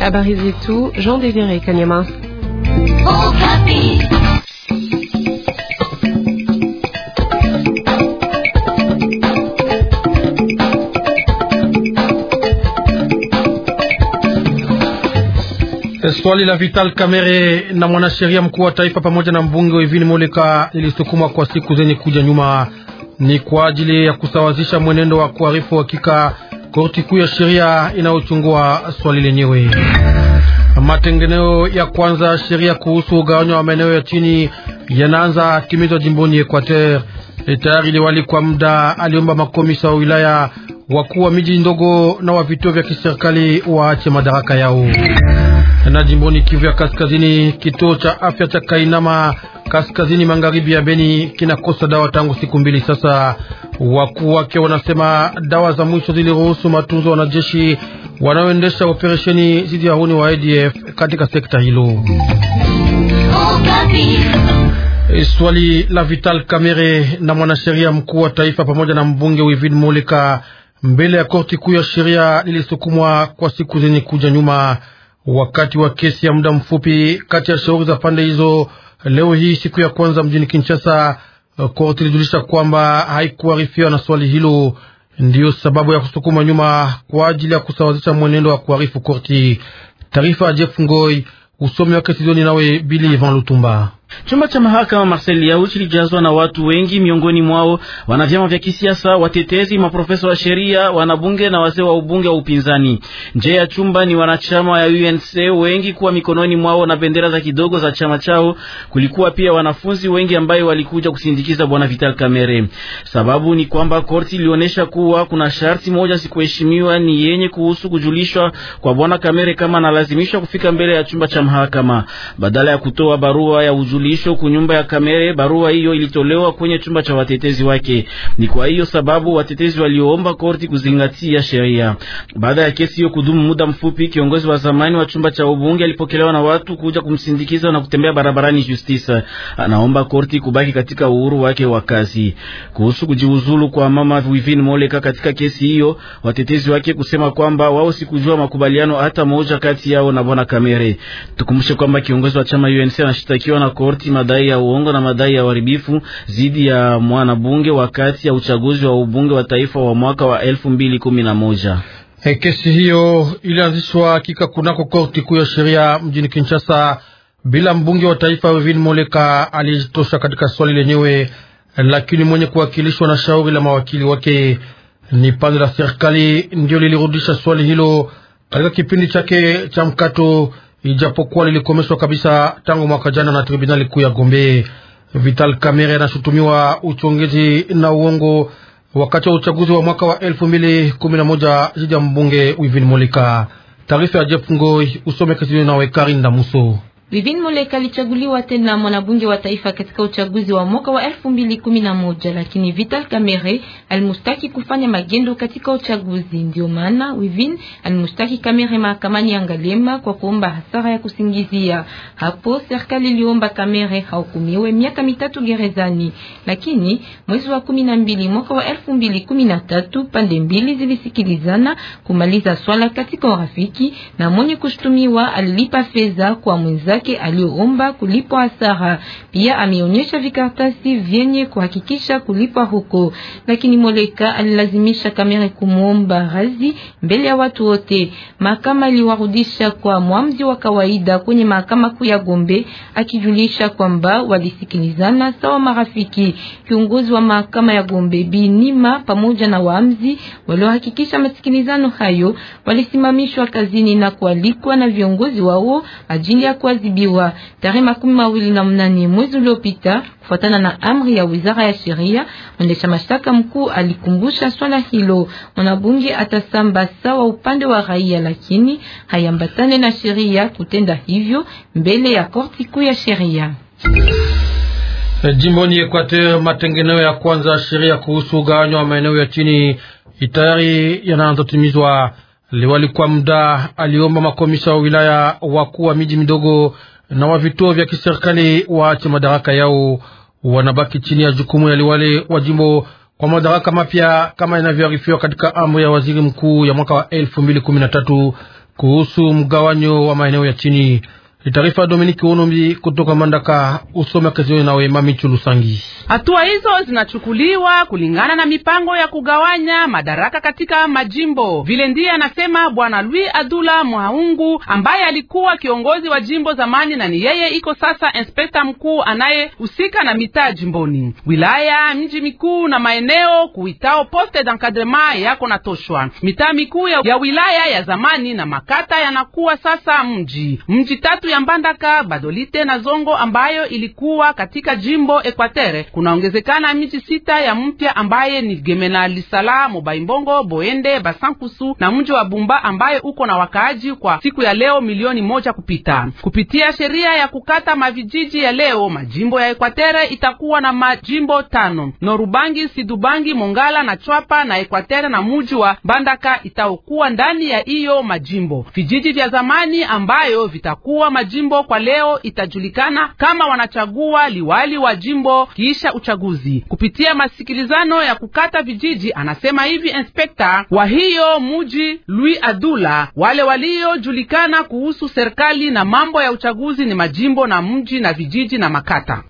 Habari zetu Jean Désiré Kanyama. Eh, swali la Vital Kamere na mwanasheria mkuu wa taifa pamoja na mbunge Ivini Moleka ilisukumwa kwa siku zenye kuja nyuma, ni kwa ajili ya kusawazisha mwenendo wa kuarifu hakika Korti kuu ya sheria inayochungua swali lenyewe. Matengeneo ya kwanza sheria kuhusu ugawanyo wa maeneo ya chini yanaanza timizwa jimboni Equateur. E, tayari liwali kwa muda aliomba makomisa wa wilaya, wakuu wa miji ndogo na wa vituo vya kiserikali waache madaraka yao. Na jimboni Kivu ya Kaskazini, kituo cha afya cha Kainama kaskazini magharibi ya Beni kinakosa dawa tangu siku mbili sasa. Wakuu wake wanasema dawa za mwisho ziliruhusu matunzo wanajeshi wanaoendesha operesheni dhidi ya huni wa ADF katika sekta hilo. Eh, swali la Vital Kamerhe na mwanasheria mkuu wa taifa pamoja na mbunge Wivin Moleka mbele ya korti kuu ya sheria lilisukumwa kwa siku zenye kuja nyuma, wakati wa kesi ya muda mfupi kati ya shauri za pande hizo, leo hii siku ya kwanza mjini Kinshasa Korti ilijulisha kwamba haikuarifiwa na swali hilo, ndiyo sababu ya kusukuma nyuma kwa ajili ya kusawazisha mwenendo wa kuarifu korti. Taarifa ya Jeff Ngoi, usomi wake Sidoni nawe Bili Ivan Lutumba. Chumba cha mahakama Marcel Yau chilijazwa na watu wengi, miongoni mwao wana vyama vya kisiasa, watetezi, maprofesa wa sheria, wanabunge na wazee wa ubunge wa upinzani. Nje ya chumba ni wanachama ya UNC wengi kuwa mikononi mwao na bendera za kidogo za chama chao. Kulikuwa pia wanafunzi wengi ambaye walikuja kusindikiza bwana Vital Kamerhe. Sababu ni kwamba korti ilionyesha kuwa kuna sharti moja sikuheshimiwa ni yenye kuhusu kujulishwa kwa bwana Kamerhe kama analazimishwa kufika mbele ya chumba cha mahakama badala ya kutoa barua ya ujuzi ujulisho kunyumba ya Kamere. Barua hiyo ilitolewa kwenye chumba cha watetezi wake. Ni kwa hiyo sababu watetezi walioomba korti kuzingatia sheria. Baada ya kesi hiyo kudumu muda mfupi, kiongozi wa zamani wa chumba cha ubunge alipokelewa na watu kuja kumsindikiza na kutembea barabarani. Justisa anaomba korti kubaki katika uhuru wake wa kazi. Kuhusu kujiuzulu kwa mama Vivine Moleka katika kesi hiyo, watetezi wake kusema kwamba wao sikujua makubaliano hata moja kati yao na bwana Kamere. Tukumbushe kwamba kiongozi wa chama UNC anashitakiwa na kuripoti madai ya uongo na madai ya uharibifu dhidi ya mwanabunge wakati ya uchaguzi wa ubunge wa taifa wa mwaka wa elfu mbili kumi na moja. Eh, kesi hiyo ilianzishwa hakika kunako korti kuu ya sheria mjini Kinshasa bila mbunge wa taifa Wevin Moleka alijitosha katika swali lenyewe, lakini mwenye kuwakilishwa na shauri la mawakili wake ni pande la serikali ndio lilirudisha swali hilo katika kipindi chake cha mkato ijapokuwa lilikomeshwa kabisa tangu mwaka jana na tribunali kuu ya Gombe. Vital Kamerhe anashutumiwa uchongezi na uongo wakati wa uchaguzi wa mwaka wa elfu mbili kumi na moja dhidi ya mbunge Wivin molika Taarifa ya Jeff Ngoi usome Kasidoni nawe Karinda Muso. Vivin Moleka alichaguliwa tena mwanabunge wa taifa katika uchaguzi wa mwaka wa 2011 lakini Vital Kamerhe alimustaki kufanya magendo katika uchaguzi. Ndio maana Vivin alimustaki Kamerhe mahakamani ya Ngalema kwa kuomba hasara ya kusingizia. Hapo serikali iliomba Kamerhe hahukumiwe miaka mitatu gerezani, lakini mwezi wa 12 mwaka wa 2013 pande mbili zilisikilizana kumaliza swala katika urafiki na mwenye kushtumiwa alilipa fedha kwa mwenza wake aliyoomba kulipwa hasara. Pia ameonyesha vikaratasi vyenye kuhakikisha kulipa huko, lakini Moleka alilazimisha kamera kumwomba razi mbele ya watu wote. Mahakama iliwarudisha kwa mwamzi wa kawaida kwenye mahakama kuu ya Gombe, akijulisha kwamba walisikilizana sawa marafiki. Kiongozi wa mahakama ya Gombe Binima pamoja na waamzi waliohakikisha masikilizano hayo walisimamishwa kazini na kualikwa na viongozi wao ajili ya kuadhibiwa tarehe makumi mawili na mnane mwezi uliopita kufuatana na amri ya wizara ya sheria. Mwendesha mashtaka mkuu alikumbusha swala hilo. Mwanabunge atasamba sawa upande wa raia, lakini hayambatane na sheria kutenda hivyo mbele ya korti kuu ya sheria. Jimboni Equateur, matengeneo ya kwanza sheria kuhusu ugawanyo wa maeneo ya chini itayari yanaanzatimizwa. Leo mda muda aliomba makomisa wa wilaya wakuu wa miji midogo na wa vituo vya kiserikali waache madaraka yao, wanabaki chini ya jukumu ya liwale wa jimbo kwa madaraka mapya kama inavyoarifiwa katika amri ya waziri mkuu ya mwaka wa elfu mbili kumi na tatu kuhusu mgawanyo wa maeneo ya chini. Taarifa Dominiki Onombi kutoka Mandaka usome kesho nawe Mami Chulusangi. Hatua hizo zinachukuliwa kulingana na mipango ya kugawanya madaraka katika majimbo. Vile ndiye anasema bwana Louis Adula Mwaungu ambaye alikuwa kiongozi wa jimbo zamani na ni yeye iko sasa inspekta mkuu anayehusika na mitaa jimboni, wilaya, mji mikuu na maeneo kuitao poste d'encadrement yako na toshwa. Mitaa mikuu ya wilaya ya zamani na makata yanakuwa sasa mji mji tatu tatu ya Mbandaka, Badolite na Zongo ambayo ilikuwa katika jimbo Ekwatere. Kunaongezekana miji sita ya mpya ambaye ni Gemena, Lisala, Mobaimbongo, Boende, Basankusu na mji wa Bumba ambaye uko na wakaaji kwa siku ya leo milioni moja kupita. Kupitia sheria ya kukata mavijiji ya leo, majimbo ya Ekwatere itakuwa na majimbo tano: Norubangi, Sidubangi, Mongala na Chwapa na Ekwatere na mji wa Mbandaka itaokuwa ndani ya iyo majimbo. Vijiji vya zamani ambayo vitakuwa majimbo kwa leo itajulikana kama wanachagua liwali wa jimbo kisha uchaguzi kupitia masikilizano ya kukata vijiji. Anasema hivi inspekta wa hiyo muji Louis Adula, wale waliojulikana kuhusu serikali na mambo ya uchaguzi ni majimbo na mji na vijiji na makata.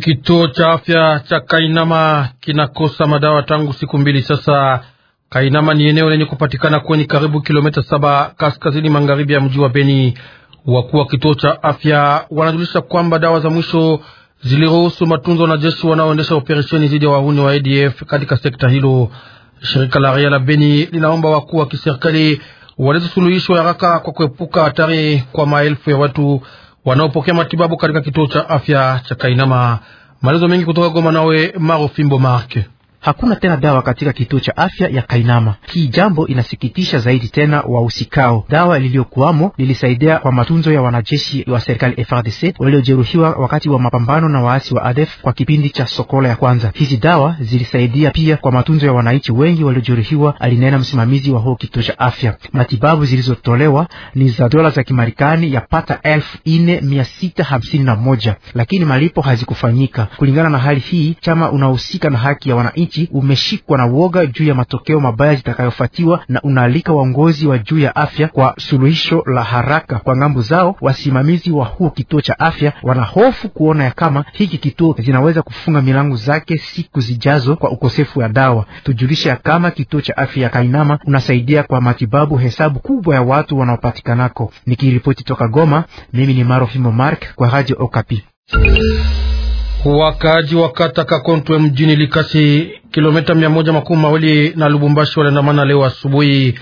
Kituo cha afya cha Kainama kinakosa madawa tangu siku mbili sasa. Kainama ni eneo lenye kupatikana kwenye karibu kilomita saba kaskazini magharibi ya mji wa Beni. Wakuu wa kituo cha afya wanajulisha kwamba dawa za mwisho ziliruhusu matunzo na jeshi wanaoendesha operesheni dhidi ya wahuni wa ADF katika sekta hilo. Shirika la raia la Beni linaomba wakuu wa kiserikali walete suluhisho haraka kwa kuepuka hatari kwa maelfu ya watu wanaopokea matibabu katika kituo cha afya cha Kainama. Maelezo mengi kutoka Goma, nawe Maro Fimbo Mark hakuna tena dawa katika kituo cha afya ya Kainama. Hii jambo inasikitisha zaidi. Tena wahusikao dawa liliyokuwamo lilisaidia kwa matunzo ya wanajeshi wa serikali FRDC waliojeruhiwa wakati wa mapambano na waasi wa ADF kwa kipindi cha Sokola ya kwanza. Hizi dawa zilisaidia pia kwa matunzo ya wananchi wengi waliojeruhiwa, alinena msimamizi wa huo kituo cha afya. Matibabu zilizotolewa ni za dola za Kimarekani pata elfu ine mia sita hamsini na moja, lakini malipo hazikufanyika. Kulingana na hali hii, chama unahusika na haki ya wananchi nchi umeshikwa na woga juu ya matokeo mabaya zitakayofatiwa, na unaalika waongozi wa juu ya afya kwa suluhisho la haraka kwa ngambo zao. Wasimamizi wa huo kituo cha afya wanahofu kuona ya kama hiki kituo zinaweza kufunga milango zake siku zijazo kwa ukosefu wa dawa. Tujulishe ya kama kituo cha afya ya Kainama unasaidia kwa matibabu hesabu kubwa ya watu wanaopatikanako. Nikiripoti toka Goma, mimi ni Marofimo Mark kwa Radio Okapi. Wakaaji wa kata Kakontwe mjini Likasi, kilomita mia moja makumi mawili na Lubumbashi, waliandamana leo asubuhi.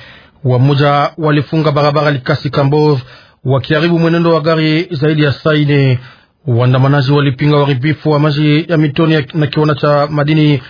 Wamoja walifunga barabara Likasi Kambov, wakiharibu mwenendo wa gari zaidi ya saine. Waandamanaji walipinga uharibifu wa maji ya mitoni na kiwanda cha madini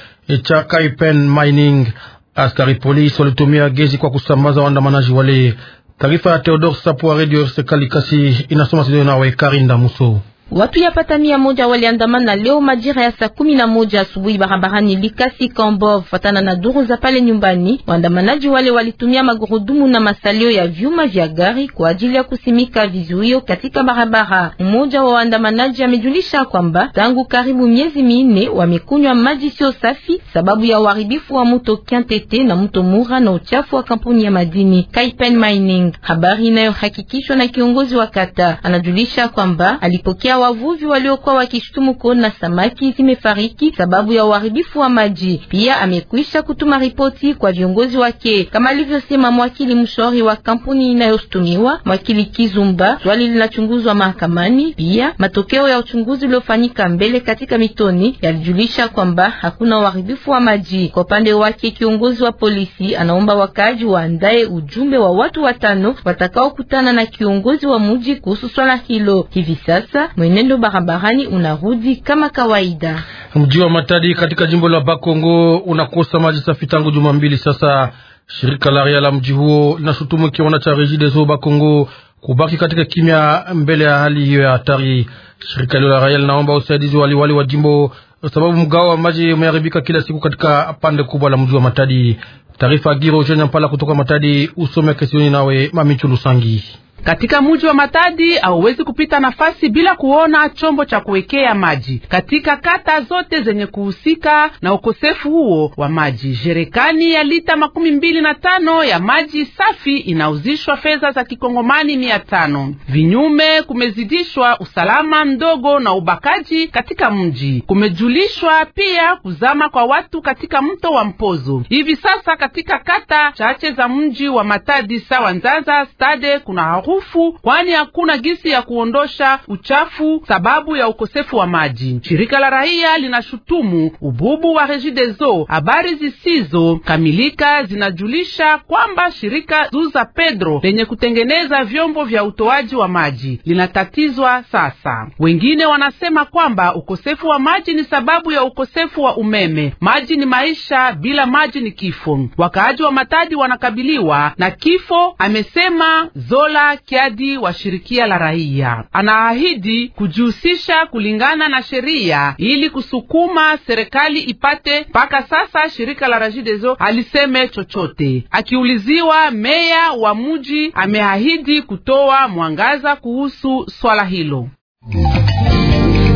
cha Kaipen Mining. Askari polisi walitumia gezi kwa kusambaza waandamanaji wale. Taarifa ya Theodore Sapo wa Radio Sekali Kasi inasoma Sidoni na Wekarinda Muso. Watu yapata mia moja waliandamana leo majira ya saa kumi na moja asubuhi barabarani Likasi Kambov, fatana na duru za pale nyumbani. Waandamanaji wale walitumia magurudumu na masalio ya vyuma vya gari kwa ajili ya kusimika vizuio katika barabara. Mmoja wa waandamanaji amejulisha kwamba tangu karibu miezi minne wamekunywa maji sio safi sababu ya uharibifu wa mto Kiantete na mto Mura na uchafu wa kampuni ya madini Kaipen Mining. Habari inayohakikishwa na kiongozi wa kata anajulisha kwamba alipokea wavuvi waliokuwa wakishutumu kuona samaki zimefariki sababu ya uharibifu wa maji. Pia amekwisha kutuma ripoti kwa viongozi wake, kama alivyosema mwakili mshauri wa kampuni inayoshutumiwa mwakili Kizumba. Swali linachunguzwa mahakamani. Pia matokeo ya uchunguzi uliofanyika mbele katika mitoni yalijulisha kwamba hakuna uharibifu wa maji. Kwa upande wake, kiongozi wa polisi anaomba wakaaji waandaye ujumbe wa watu watano watakaokutana na kiongozi wa mji kuhusu swala hilo hivi sasa mwenendo barabarani unarudi kama kawaida. Mji wa Matadi katika jimbo la Bakongo unakosa maji safi tangu juma mbili sasa. Shirika la ria la mji huo linashutumu kiwanda cha Regideso Bakongo kubaki katika kimya mbele ya hali hiyo ya hatari. Shirika hilo la raia linaomba usaidizi waliwali wa jimbo sababu mgao wa maji umeharibika kila siku katika pande kubwa la mji wa Matadi. Taarifa Giro Jenya Mpala kutoka Matadi, usome Kesioni nawe Mamichu Lusangi. Katika mji wa Matadi hauwezi kupita nafasi bila kuona chombo cha kuwekea maji katika kata zote zenye kuhusika na ukosefu huo wa maji. Jerekani ya lita makumi mbili na tano ya maji safi inauzishwa fedha za kikongomani mia tano. Vinyume kumezidishwa usalama mdogo na ubakaji katika mji. Kumejulishwa pia kuzama kwa watu katika mto wa Mpozo. Hivi sasa katika kata chache za mji wa Matadi sawa Nzaza Stade kuna haru harufu, kwani hakuna gisi ya kuondosha uchafu sababu ya ukosefu wa maji. Shirika la raia linashutumu ububu wa Regideso. Habari zisizo kamilika zinajulisha kwamba shirika Zuza Pedro lenye kutengeneza vyombo vya utoaji wa maji linatatizwa sasa. Wengine wanasema kwamba ukosefu wa maji ni sababu ya ukosefu wa umeme. Maji ni maisha, bila maji ni kifo. Wakaaji wa Matadi wanakabiliwa na kifo, amesema Zola kiadi wa shirikia la raia. Anaahidi kujihusisha kulingana na sheria ili kusukuma serikali ipate. Mpaka sasa shirika la Rajidezo aliseme chochote. Akiuliziwa, meya wa muji ameahidi kutoa mwangaza kuhusu swala hilo.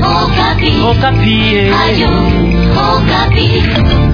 Okapi. Okapi. Okapi.